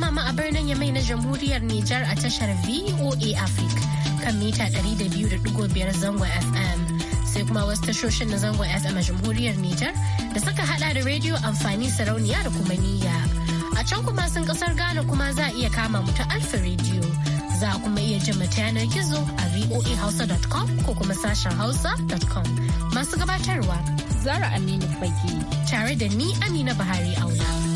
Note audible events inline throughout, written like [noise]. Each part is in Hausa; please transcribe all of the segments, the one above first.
kama mu a birnin Yamai na Jamhuriyar Nijar a tashar VOA Africa kan mita 200.5 zango FM. Sai kuma wasu tashoshin na zango FM a Jamhuriyar Nijar da suka hada da rediyo amfani sarauniya da kuma niyya. A can kuma sun kasar Ghana kuma za a iya kama mu ta Alfa Radio. Za a kuma iya jima ta yanar gizo a voahausa.com ko kuma sashen hausa.com. Masu gabatarwa. Zara Aminu Fage. Tare da ni Amina Buhari Auna.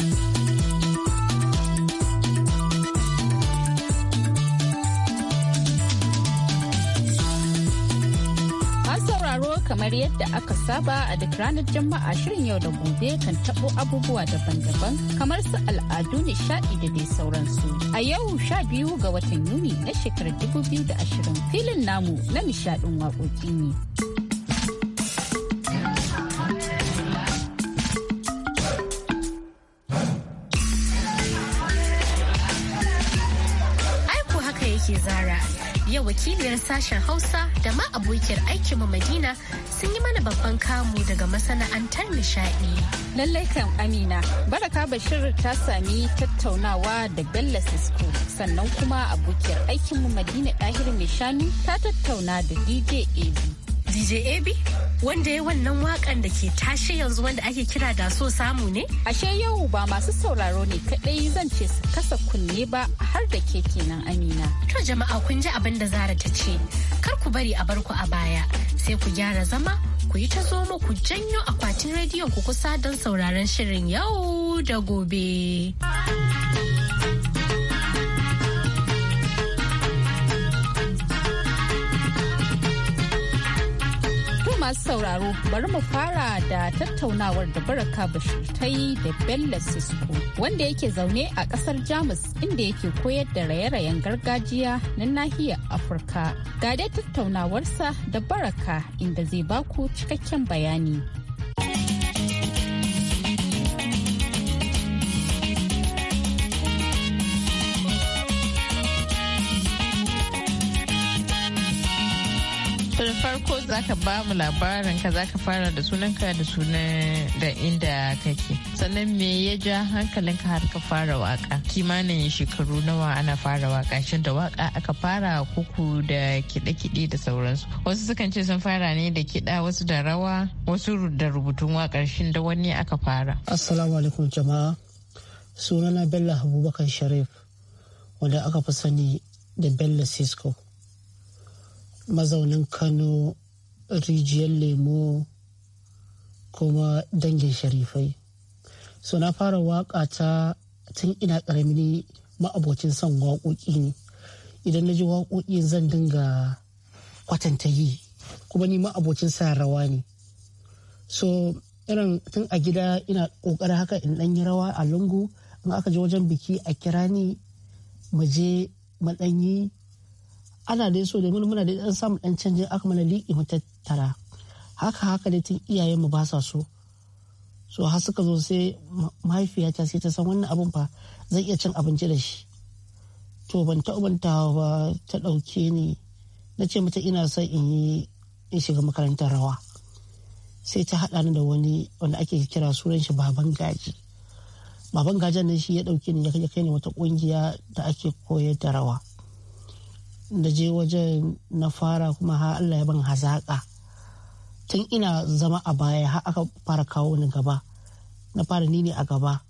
kamar yadda aka saba a duk ranar Juma'a shirin yau da gobe kan tabo abubuwa daban-daban kamar su al'adu nishadi da dai sauransu. A yau sha biyu ga watan Yuni na shekarar ashirin filin namu na nishaɗin waƙoƙi ne. yau wakiliyar sashen Hausa da ma abokiyar aikinmu Madina sun yi mana babban kamu daga masana'antar nishadi. Lallai kan Amina, Baraka Bashir ta sami tattaunawa da Bella Sisko sannan kuma abokiyar aikinmu Madina Ɗahir nishani Shanu ta tattauna da DJ AB. DJ AB wanda ya wannan wakan da ke tashi yanzu wanda ake kira da so samu ne? Ashe yau ba masu sauraro ne kaɗai zan ce su kasa kunne ba har da ke kenan Amina. To jama'a kun ji abin da Zara ta ce, kar ku bari a bar ku a baya sai ku gyara zama ku yi ta zomo ku janyo akwatin rediyon ku kusa don sauraron shirin yau da gobe. masu sauraro bari mu fara da tattaunawar da baraka bashir ta yi da bella sisko wanda yake zaune a kasar jamus inda yake koyar da raye-rayen gargajiya na nahiyar afirka ga dai tattaunawarsa da baraka inda zai baku cikakken bayani farko zaka ba mu labarin ka zaka fara da sunanka da sunan da inda kake. Sannan me ya ja hankalinka har ka fara waka? Kimanin shekaru nawa ana fara waka shin da waka aka fara kuku da kiɗe-kiɗe da sauransu. Wasu sukan ce sun fara ne da kiɗa wasu da rawa wasu da rubutun wakar shin da wani aka fara. Assalamu alaikum jama'a. Sunana Bello Abubakar Sharif wanda aka fi sani da Bello Cisco. mazaunin kano rijiyar lemo kuma dangin sharifai so na fara waka ta tun ina karamini ma'abocin son waƙoƙi ne idan na ji waƙoƙi zan dinga kwatanta yi kuma ni ma'abocin sa rawa ne so irin tun a gida ina ƙoƙarin haka in ɗanyi rawa a lungu in aka je wajen biki a kira ni mu je mu ɗanyi ana dai so domin muna da dan samu dan canjin aka mana liƙi mu tattara haka haka da tun iyayen mu ba sa so so har suka zo sai mahaifiyata sai ta san wannan abun fa zan iya cin abinci da shi to ban ta ba ta ɗauke ni na ce mata ina son in yi in shiga makarantar rawa sai ta haɗa ni da wani wanda ake kira sunan shi baban gaji baban gajen nan shi ya ɗauke ni ya kai ni wata ƙungiya da ake koyar da rawa Naje je wajen na fara kuma ha Allah ya ban hazaƙa tun ina zama a baya har aka fara kawo ni gaba na fara ni ne a gaba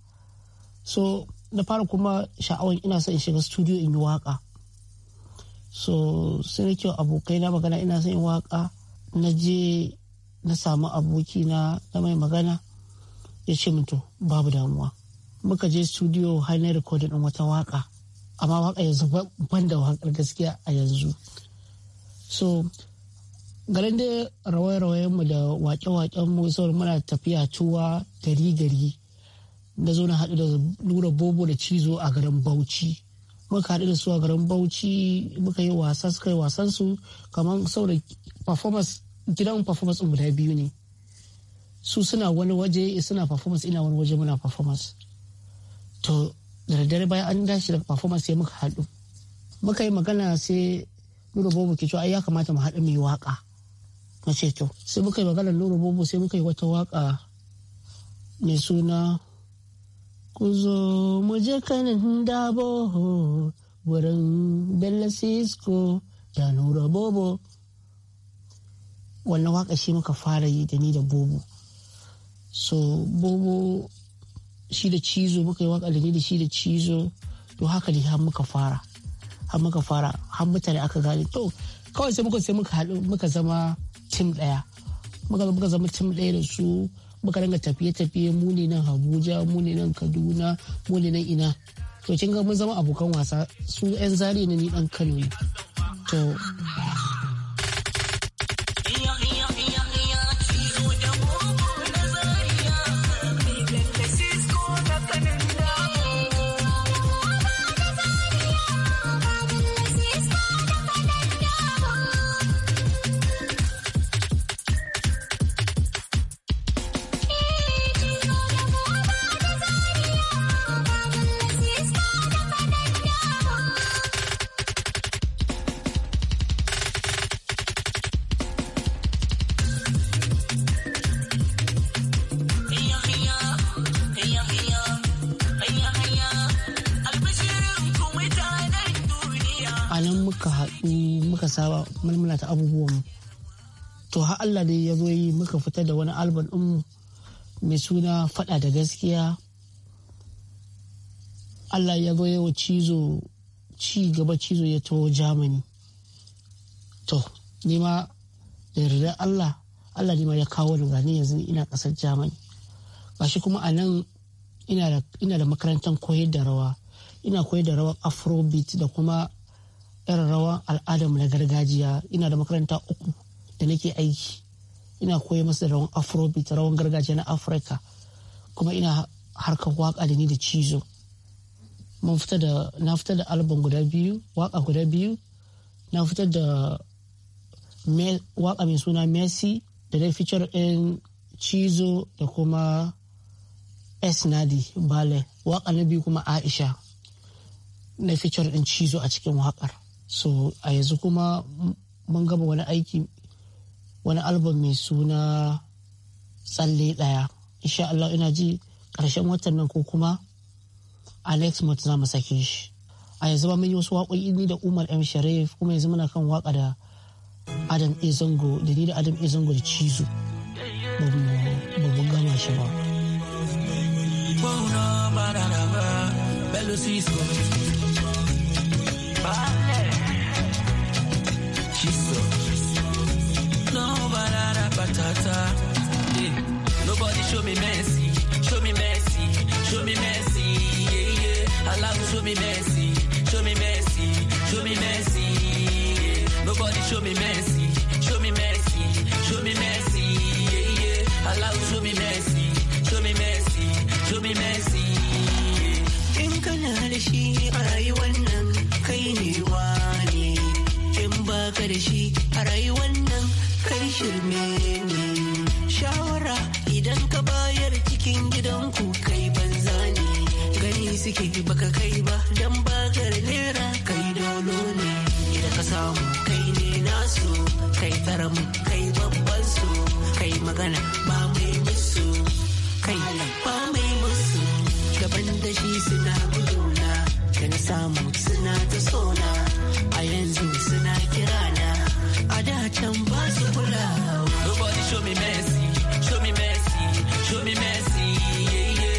so na fara kuma sha'awar ina son in shiga studio in yi waka so sai nake abokai na magana ina son in waka na je na samu aboki na na mai magana ya ce mutu babu damuwa muka je studio hanyar rikodin wata waka amma waka yanzu ban da wakar gaskiya a yanzu so garin da rawaye-rawayenmu da wake mu saboda muna tafiya tuwa gari-gari na zo na haɗu da lura bobo da cizo a garin bauchi muka haɗu da su a garin bauchi muka yi wasa suka yi wasan su kamar saboda performance gidan performance guda biyu ne su suna wani waje suna performance ina wani waje muna performance to da daddare bayan an dashi daga performance sai muka haɗu muka yi magana sai nuna bobo ke ai ya kamata mu haɗu mai waka na ce to sai muka yi magana nuna bobo sai muka yi wata waka mai suna ku zo mu je kanin dabo wurin bello cisco da nura bobo wannan waka shi muka fara yi da ni da bobo so bobo shi da cizo muka yi waka da ni da shi da cizo to haka ne har muka fara har muka fara har mutane aka gane to kawai sai muka sai muka zama tim daya muka muka zama tim daya da su muka dinga tafiye-tafiye mu ne nan Abuja mu ne nan Kaduna mu ne nan ina to kin ga mun zama abokan wasa su 'yan zari ne ni dan Kano to muna ta abubuwan to har Allah ne ya zo yi muka fita da wani album din mai suna fada da gaskiya Allah ya zo yawa cizo ci gaba cizo ya taho Germany to nima da yarda Allah Allah ma ya kawo ni gani yanzu ina kasar Germany gashi kuma a nan ina da makarantar koyar da rawa ina koyar da rawa afrobeat da kuma irin rawan al'adar na gargajiya ina da makaranta uku da nake aiki ina koya masa da rawan afrobeat rawan gargajiya na afirka kuma ina harkar waka da ni da cizo mun fita da na fitar da album guda biyu waka guda biyu na fitar da waka mai suna messi da dai feature in cizo da kuma esnadi bale waka na biyu kuma aisha na feature din cizo a cikin waƙar. so a yanzu kuma mun gaba wani aiki wani album mai suna tsalle daya insha Allah ina ji karshen watan nan ko kuma a next month za mu sake shi a yanzu ba mun yi wasu waƙoƙi da Umar M Sharif kuma yanzu muna kan waka da Adam Ezango da ni da Adam Ezango da Cizo ba mu gama shi ba. Bye. kiss up. No patata. Nobody show me mercy, show me mercy, show me mercy. Yeah, yeah. Allah show me mercy, show me mercy, show me mercy. Yeah. Nobody show me mercy, show me mercy, show me mercy. Yeah, yeah. Allah show me mercy, show me mercy, show me mercy. In kana da shi a rayuwar nan kai ne wani. ka da shi a rayuwar nan kai shirme ne shawara idan ka bayar cikin gidanku kai banza ne gani suke baka kai ba dan bakar naira kai dolo ne idan ka samu kai ne nasu kai tsaron kai babban su kai magana ba mai musu kai ba mai musu gaban da shi suna guduna da na samu suna ta sona a yanzu kirana a da can ba su kula. nobody show me mercy show me mercy show me mercy yeah yeah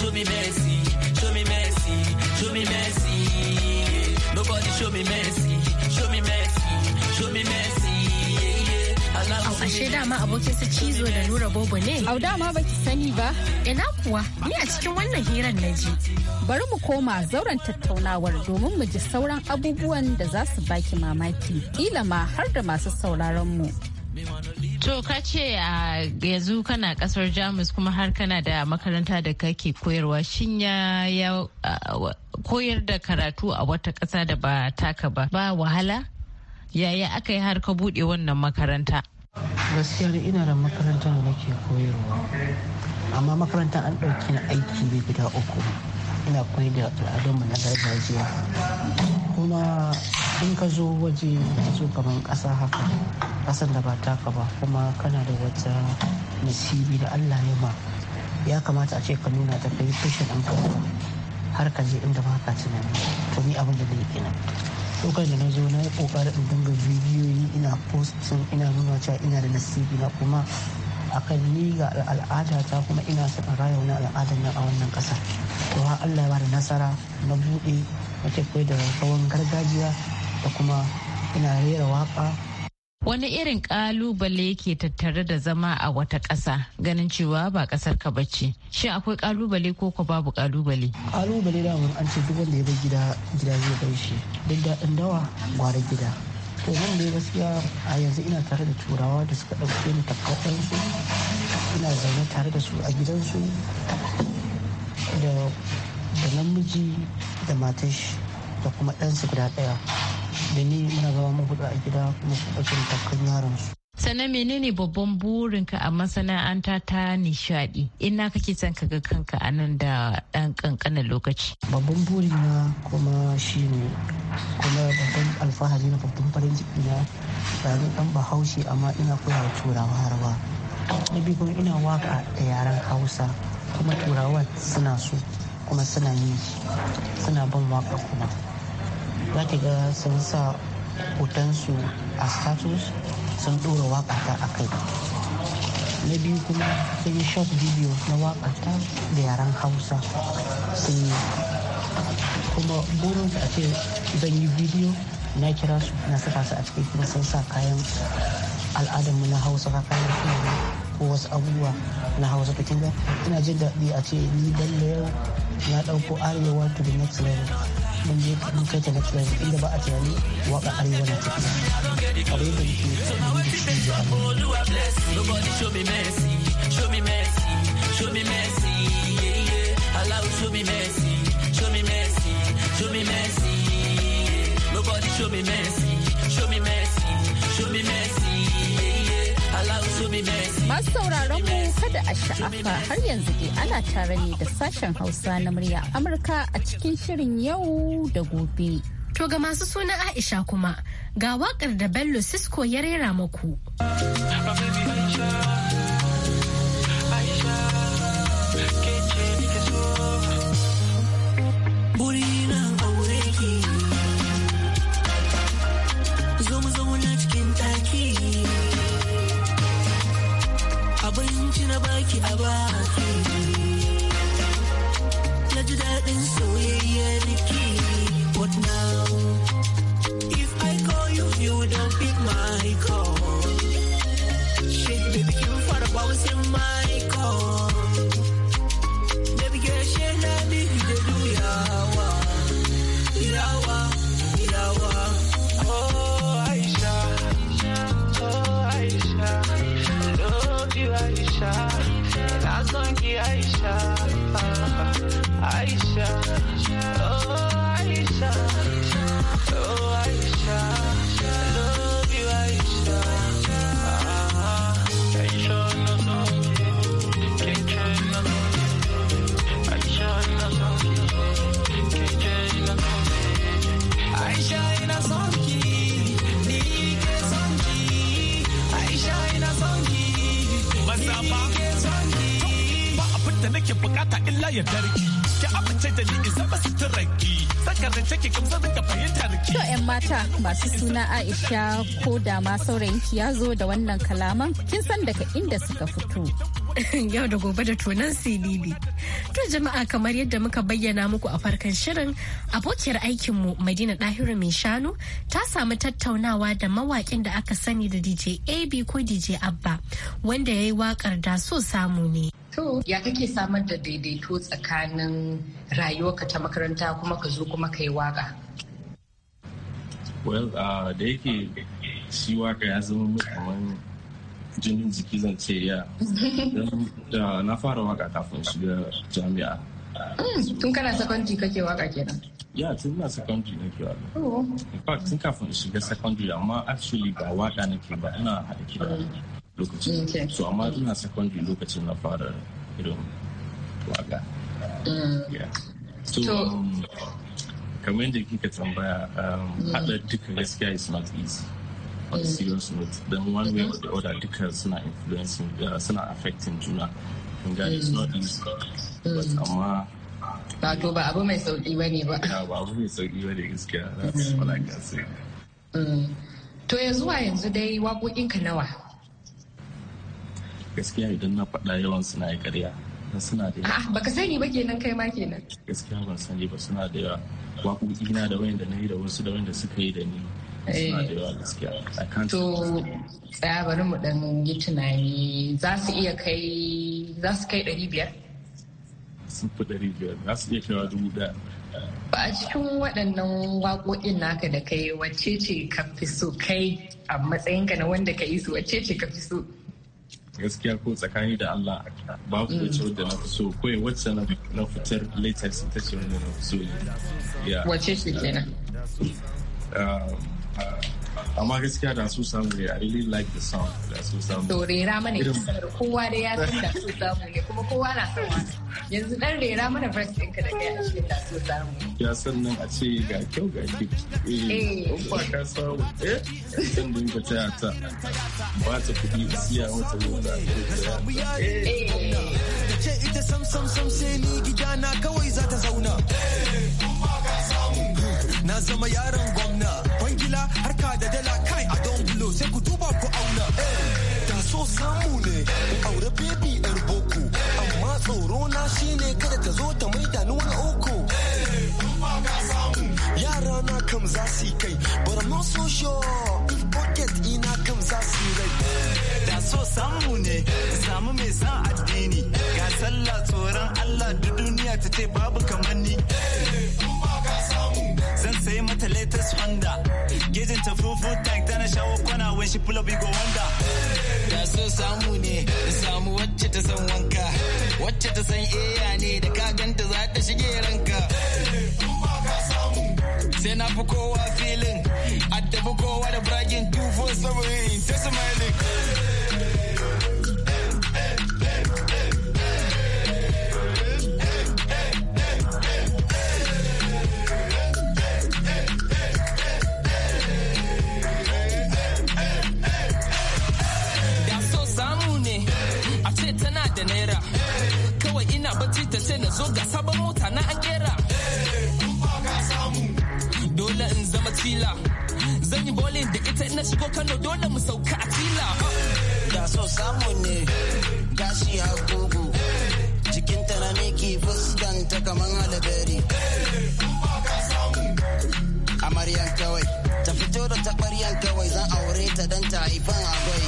show me mercy show me mercy show me mercy yeah. nobody show me mercy show me mercy show me mercy ashe dama abokin su cizo da nura bobo ne? Au dama baki sani ba? Ina kuwa, ni a cikin wannan hirar na ji. bari mu koma zauren tattaunawar domin mu ji sauran abubuwan da za su baki mamaki kila ma har da masu sauraron mu. To ka ce a yanzu kana kasar Jamus kuma har kana da makaranta da kake koyarwa shin ya koyar da karatu a wata kasa da ba taka ba ba wahala? Yaya aka yi har ka buɗe wannan makaranta? Gaskiya ina da makaranta da nake koyarwa amma makaranta an ɗauki aiki bai gida uku. ina koyar da al'adunmu na gargajiya kuma in ka zo waje zo kamar ƙasa haka ƙasar da ba taka ba kuma kana da wata nasibi da allah ya ma ya kamata a ce ka nuna ta kai tushen an ka har ka je inda ba ka tunani to ni abin da na kenan lokacin da na zo na yi kokarin in dinga bidiyoyi ina postin ina nuna cewa ina da nasibi na kuma akan ni ga al'ada ta kuma ina son in raya wani al'adar nan a wannan ƙasa to ha Allah ya bada nasara na buɗe wata kai da kawon gargajiya da kuma ina rera waƙa wani irin ƙalubale yake tattare da zama a wata ƙasa ganin cewa ba ƙasar ka bacci shin akwai ƙalubale ko ko babu ƙalubale. Ƙalubale da an ce duk wanda ya bar gida gida zai bar shi duk daɗin dawa gwara gida to nan gaskiya a yanzu ina tare da turawa da suka ɗauke ni su ina zaune tare da su a gidansu da namiji da matash da kuma ɗansu guda ɗaya da ni muna zama mun a gida kuma su ɗauke ni takkan yaron su sannan menene babban burinka a masana'anta ta nishadi ina kake son ka ga kanka a nan da dan kankanin lokaci babban burina kuma shine kuma babban alfahari na babban farin ciki na bayan dan bahaushe amma ina koya wa turawa harba na biyu kuma ina waka da yaren hausa kuma turawan suna so kuma suna yi suna ban waka kuma za ki ga sun sa hotonsu a status sun ɗora waka ta a kai na biyu kuma sun yi shot video na waka ta da yaren hausa sun yi kuma burin a ce zan yi video na kira su na saka su a cikin kuma sun sa kayan al'adarmu na hausa ka kayan suna ko wasu abubuwa na hausa ta kinga ina jin daɗi a ce ni dan yau na ɗauko arewa to the next level mun je mun kai ta na inda ba a tunani waka arewa na tafiya abu yadda muke Nobody show me mercy, show me mercy, show me mercy. Masu sauraron mu kada a sha'afa har yanzu dai ana tare ne da sashen Hausa na murya Amurka a cikin shirin yau da gobe. To ga masu suna Aisha kuma ga waƙar da Bello Sisko ya rera muku. ji daɗin what now if I call you you don't pick my call shake baby kin fara bouncing my call baby girl shake na you dey do yawa yawa yawa oh Aisha oh Aisha love you Aisha nazongi Aisha, Aisha, oh Aisha, oh. kake bukata illa ya darki ki amince da ni su suturarki sakarin take kam zan ka fahimta da to mata masu suna Aisha ko da ma saurayinki ya zo da wannan kalaman kin san daga inda suka fito [laughs] yau da gobe da tonan CDB. To jama'a kamar yadda muka bayyana muku a farkon shirin abokiyar aikinmu Madina Dahiru mai shanu ta samu tattaunawa da mawakin da aka sani da DJ AB ko DJ Abba wanda yayi wakar da so samu ne. To, ya kake samar da daidaito tsakanin rayuwarka ta makaranta kuma ka zo kuma ka yi waka? Well, da yake shi waka ya zama min kamar jinin jiki zan ce ya. Da na fara waka kafin shiga jami'a. Hmm, tun kana secondary kake waka kenan? Ya, tun na secondary nake waka. Oh. In fact, tun kafin shiga secondary amma actually ba waka nake ba ina haɗa kiɗa. lokacin so amma ina secondary lokacin na fara irin waga mm. so um, kamar yadda kika tambaya um, mm. haɗa duka gaskiya is not easy on a mm. serious note then one way or the mm-hmm. other duka suna influencing uh, suna affecting juna and that is not easy but amma wato ba abu mai sauki ba ne ba ba abu mai sauki ba ne gaskiya that's what I can say to yanzu wa yanzu dai waƙoƙinka nawa gaskiya idan na faɗa yawan suna yi ƙarya suna da yawa baka sani ba kenan kai ma kenan gaskiya ban sani ba suna da yawa waƙoƙi na da wayanda na yi da wasu da wayanda suka yi da ni suna da yawa gaskiya to tsaya bari mu dan yi tunani za su iya kai za su kai ɗari biyar sun fi ɗari biyar za su iya kaiwa dubu ɗaya ba a cikin waɗannan waƙoƙin naka da kai wacce ce ka fi so kai a matsayinka na wanda ka yi su wacce ce ka fi so gaskiya ko tsakani da Allah babu mm. wacce da na fi so ko wacce na fitar latest ta ce wanda na fi so ya wace shi kenan um, uh, amma gaskiya da su samu ne i really like the song da su samu to rera mana kisar kowa da ya san da su samu ne kuma kowa na son wani yanzu dan rera mana verse ɗinka da ya a da su samu ya san nan a ce ga kyau ga kyau eh ba eh. ka samu eh san din ka taya ta ba ta kuɗi siya wata mota eh, eh. ita sam sam sam sai ni gida na kawai za ta zauna eh na zama yaron gwamna kwangila harka da dala kai a don bulo sai ku duba ku auna eh, da so samu ne aure baby yar boko amma tsoro na shine kada ta zo ta maida ni wani uku. Eh, yara na kam za su kai bar ma so if pocket ina kam za su rai eh, da so samu ne samu mai san addini ga sallah tsoron Allah duk duniya ta ce babu kamar ni latest Honda. Getting to full full tank, tana shawo kwana when she pull up, you go wonder. Da so samu ne, da samu wacce ta san wanka, wacce ta san iya ne da ka ganta za ta shige ranka. Sai na fi kowa filin, tafi kowa da bragging 247 ta smiling. ta sai na zo ga sabon mota na an kera dole in zama fila zan yi bolin da ita na shigo kano dole mu sauka a fila da so samu ne gashi gugu. jikin na miki fuskan ta kaman halabari amaryan kawai ta fito da tabaryan kawai zan aure ta dan ta haifan agwai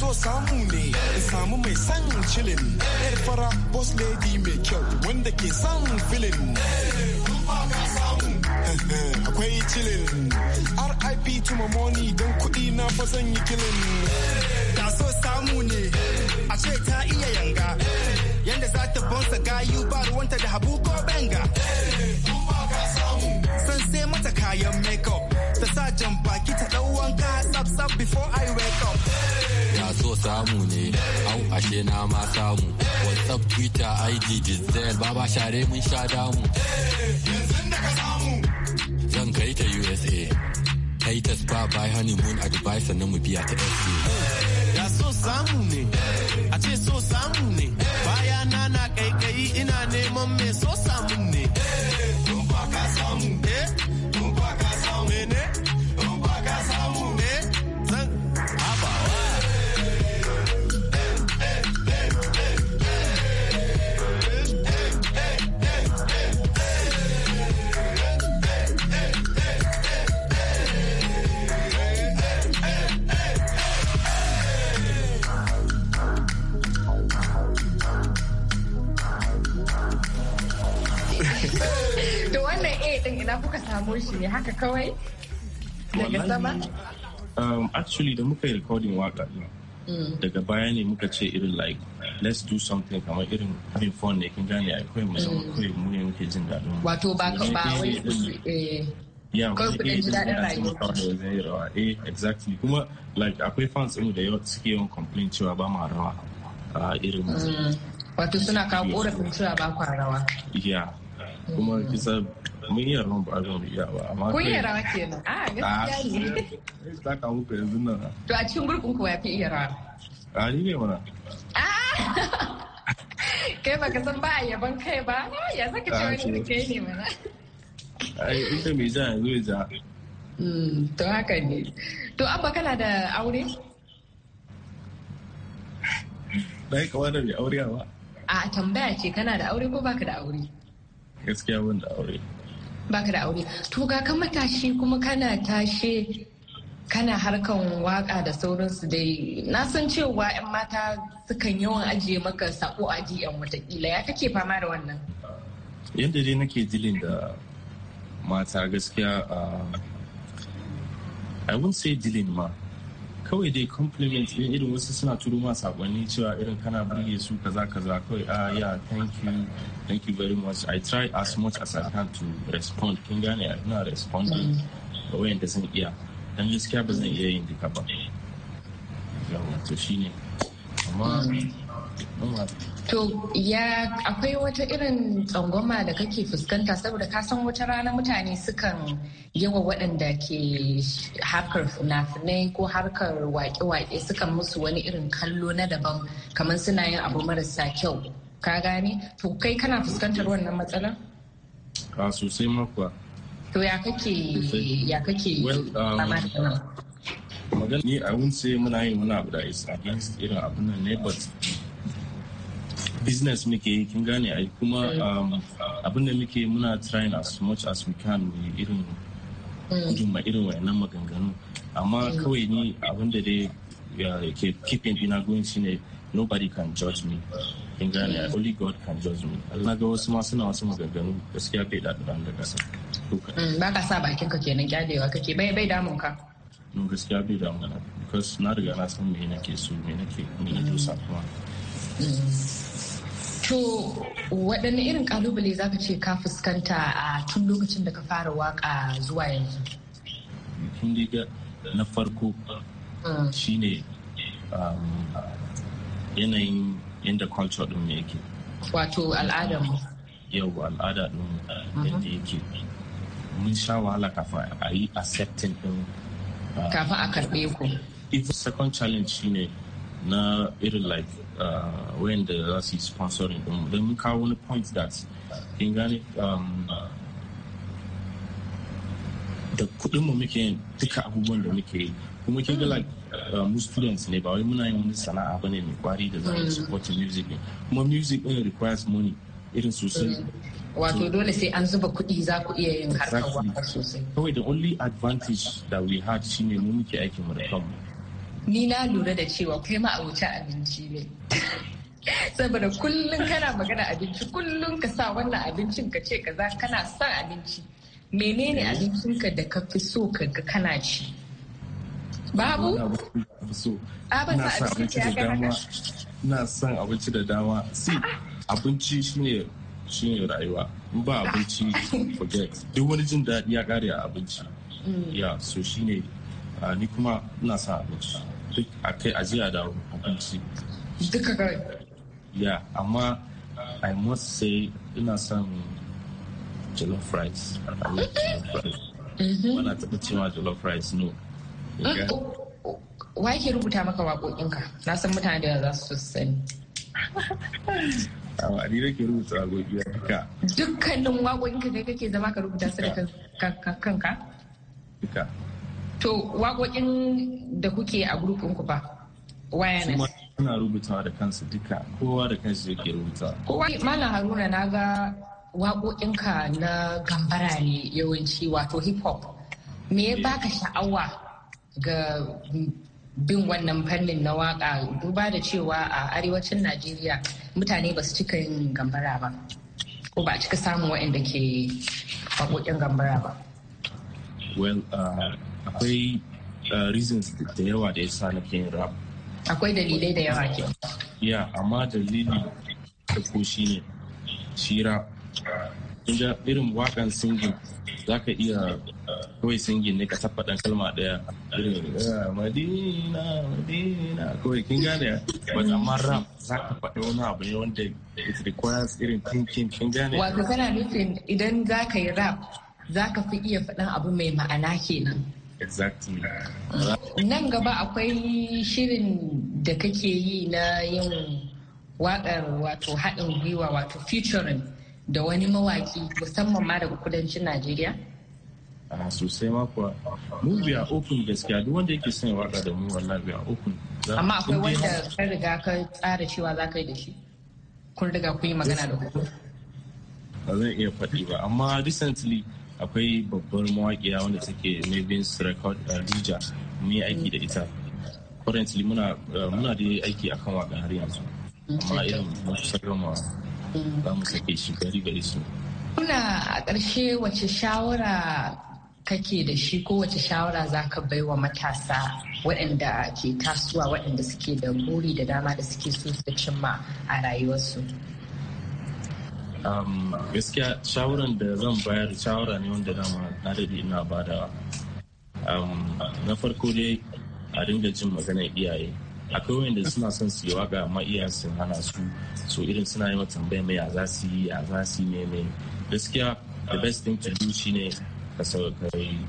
so samu ne in samu mai san chilling yar fara boss lady mai kyau wanda ke san filin [laughs] akwai chilling rip to money don kuɗi na fa zan yi killing ka so samu ne a ce ta iya yanga yanda za ta bonsa gayu ba ruwanta da habu ko benga san sai mata kayan makeup ta sa jan baki ta ɗau wanka sab sab before i wake up samu ne au ashe na ma samu whatsapp twitter id dizel baba share mun sha damu zan kai ta usa kai ta spa by honeymoon advisor na mu biya ta sa ya so samu ne a ce so samu ne kawai daga sama um, actually da muka yi recording waka din hmm. daga baya ne muka ce irin like let's do something kamar irin having fun ne kin gane ai kawai hmm. kawai mu ne muke jin wato ba ka ba wai eh, eh, exactly. Kuma like akwai fans ɗinmu da yawa suke yawan complain cewa ba ma rawa a ah, irin hmm. Wato suna kawo korafin cewa ba kwa rawa. Yeah, kuma kisa mun yi ran ba zan iya ba amma kun yi rawa kenan a ah, gaskiya ah, ne ta [laughs] ka muku yanzu nan to a cikin gurbin ku ya fi iya rawa a ah, ni ne mana [laughs] kai ba ka san ba a yaban kai ba ya zaka ce wani da kai ne mana ai ita mai ja yanzu ya ja hmm, to haka ne to abba kana da aure na yi kawai da mai aure ba a tambaya ce kana da aure ko baka da aure gaskiya ban da aure baka da aure to ga ka matashi kuma kana tashe kana harkan waka da sauransu dai na san cewa 'yan mata sukan yawan ajiye maka sako a dm watakila ya kake fama da wannan yadda dai nake dilin da mata gaskiya ah, i won't say dilin ma kawai dai compliment ne irin wasu suna turo ma sakonni cewa irin kana burge su kaza kaza kawai ah yeah thank you thank you very much i try as much as i can to respond kin gane ina responding mm. ga wayanda sun iya dan gaskiya ba zan iya yin duka ba yawa to shine amma mm. To ya akwai wata irin tsangwama da kake fuskanta saboda ka san wata rana mutane sukan yawa waɗanda ke harkar fina-finai ko harkar wake-wake sukan musu wani irin kallo na daban kamar suna yin abu marasa kyau ka gane to kai kana fuskantar wannan matsalar? a sosai makwa to ya kake ya kake um, magana ni a wunce muna yin wani abu da isa, against irin abin nan ne but business muke yi kin gane ai kuma mm. um, abin da muke muna trying as much as we can mu irin mm. gudun irin wayannan maganganu amma mm. kawai ni abin da dai ke keeping ina going ne nobody can judge me kin gane only god can judge me na ga wasu ma suna wasu maganganu gaskiya bai da da da kasa ba ka sa bakin ka kenan kyalewa kake bai bai damun ka no gaskiya bai damun na because na riga na san me nake so me nake me nake so kuma To waɗanne irin kalubale zaka ce ka fuskanta a tun lokacin da ka fara waka zuwa yanzu? Kun ga na farko hmm. shine um, yanayin yadda culture ɗin mu yake. Wato al'ada mu. Yau al'ada ɗin yadda mm-hmm. yake. Mun sha wahala kafin a yi accepting ɗin. Uh, kafin a karɓe ku. second challenge shine na irin life. Uh, wayanda the last yi sponsoring ɗinmu don mun kawo wani point that in gane da kuɗin mu muke duka abubuwan da muke kuma kin ga like uh, mu students ne ba wai muna yin wani sana'a bane mai kwari da za mu mm. support music ne kuma music ɗin requires money irin sosai mm. wato dole sai an zuba kuɗi za ku iya yin harkar waƙar sosai kawai the only advantage that we had shine mu muke aikin mu da kanmu ni na lura da cewa kai ma a wuce abinci ne saboda kullum kana magana abinci kullum ka sa wannan abincin ka ce kaza kana son abinci menene abincinka da ka fi so ka ga kana ci babu ina son abinci da dama ina son abinci da dama si ah, ah. abinci shine shine rayuwa in ba ah. abinci forget duk wani jin daɗi ya kare a abinci mm. ya so shine ni kuma ina sa abinci duk a kai ajiya da abinci duka kai ya amma i must say ina son jollof rice i love jollof rice mm-hmm. bana taɓa cewa jollof rice no mm, oh, oh, wa ke rubuta maka waƙoƙinka na san mutane da za su sani a ni ke rubuta waƙoƙi a duka dukkanin waƙoƙinka kai kake zama ka rubuta su da kanka duka To waƙoƙin da kuke a grupin ku ba wayanas. Suna rubutawa da kansu duka kowa da kansu yake rubuta. Kowa mana Haruna na ga waƙoƙinka na gambara ne yawanci wato hip hop. Me ya baka sha'awa ga bin wannan fannin na waka duba da cewa a arewacin Najeriya mutane ba su cika yin gambara ba. Ko ba a cika samun waɗanda ke waƙoƙin gambara ba. Well, uh... akwai eh, reasons da yawa da ya sa na yin rap akwai dalilai da yawa ke ya amma dalili da ko shi ne shi rap inda irin wakan singing za ka iya kawai singing ne ka faɗan kalma ɗaya irin eh, madina madina kawai kin gane ba amma rap za ka faɗi wani abu ne wanda it requires irin thinking kin gane wato kana nufin idan za ka yi rap za ka fi iya faɗan abu mai ma'ana kenan exactly nan gaba akwai shirin da kake yi na yin waƙar wato haɗin gwiwa wato featuring da wani mawaki musamman ma daga kudancin najeriya a sosai ma kuwa mu biya open gaskiya duk wanda yake son waka da mu wallahi biya open amma akwai wanda ka riga ka tsara cewa za ka yi da shi kun riga kun yi magana da ku ba zan iya faɗi ba amma recently akwai babbar mawaƙiya wanda take Mavis Record Rija uh, mun yi aiki da ita currently muna uh, muna da aiki akan waƙa har yanzu amma irin masu sarrafa za mu sake shi gari gari su kuna a ƙarshe wace shawara kake da shi ko wace shawara za ka bai wa matasa waɗanda ke tasowa waɗanda suke da buri da dama da suke so su cimma a rayuwarsu Um, gaskiya shawaran da zan bayar shawara ne wanda dama na daɗe ina bada um, na farko dai a dinga jin maganar iyaye akwai wanda suna son su yi waka amma iyayen sun hana su so irin suna yi wa tambaya mai a za su yi a za su yi mai gaskiya the best thing to do shi shine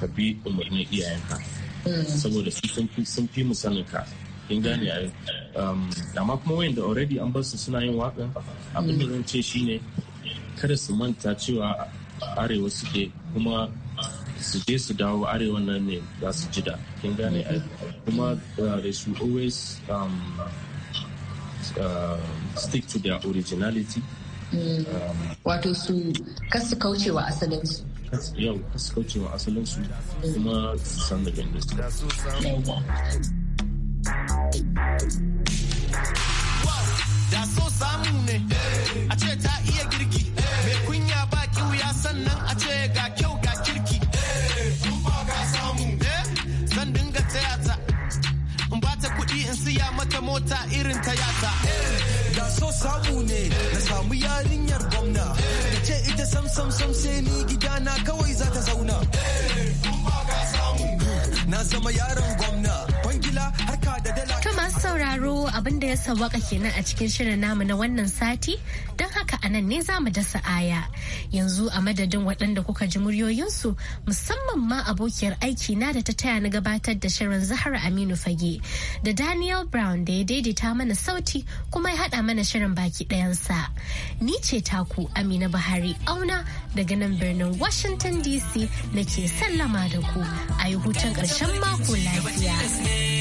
ka bi umarnin iyayenka mm. saboda sun fi mu ka kin gane yi um, amma kuma wayanda already an basu suna yin waka abin da zan ce shine kada su manta cewa arewa suke kuma su je su dawo arewa nan ne za su ji da kin gane ai kuma uh, they should always um, uh, stick to their originality mm. wato su kasu kaucewa asalinsu yau kasu kaucewa asalinsu kuma su san da su Da so samu ne, a ce ta iya girki, mai kunya ba kiwuya sannan a ce ga kyau ga kirki. Zan dinga tayata, in ba kuɗi in siya mata mota irin tayata. Da so samu ne, na samu yarinyar gwamna, da ce ita sam sam sam sai ni gidana kawai za ta zauna. Na zama yaron gwamna. sauraro abin da ya sawaka kenan a cikin shirin namu na wannan sati don haka anan ne za mu dasa aya. Yanzu a madadin waɗanda kuka ji muryoyinsu musamman ma abokiyar aiki na da ta taya na gabatar da shirin Zahra Aminu Fage da Daniel Brown da ya daidaita mana sauti kuma ya haɗa mana shirin baki ɗayansa. Ni ce taku Amina Buhari auna daga nan birnin Washington DC na ke sallama da ku a yi hutun ƙarshen mako lafiya.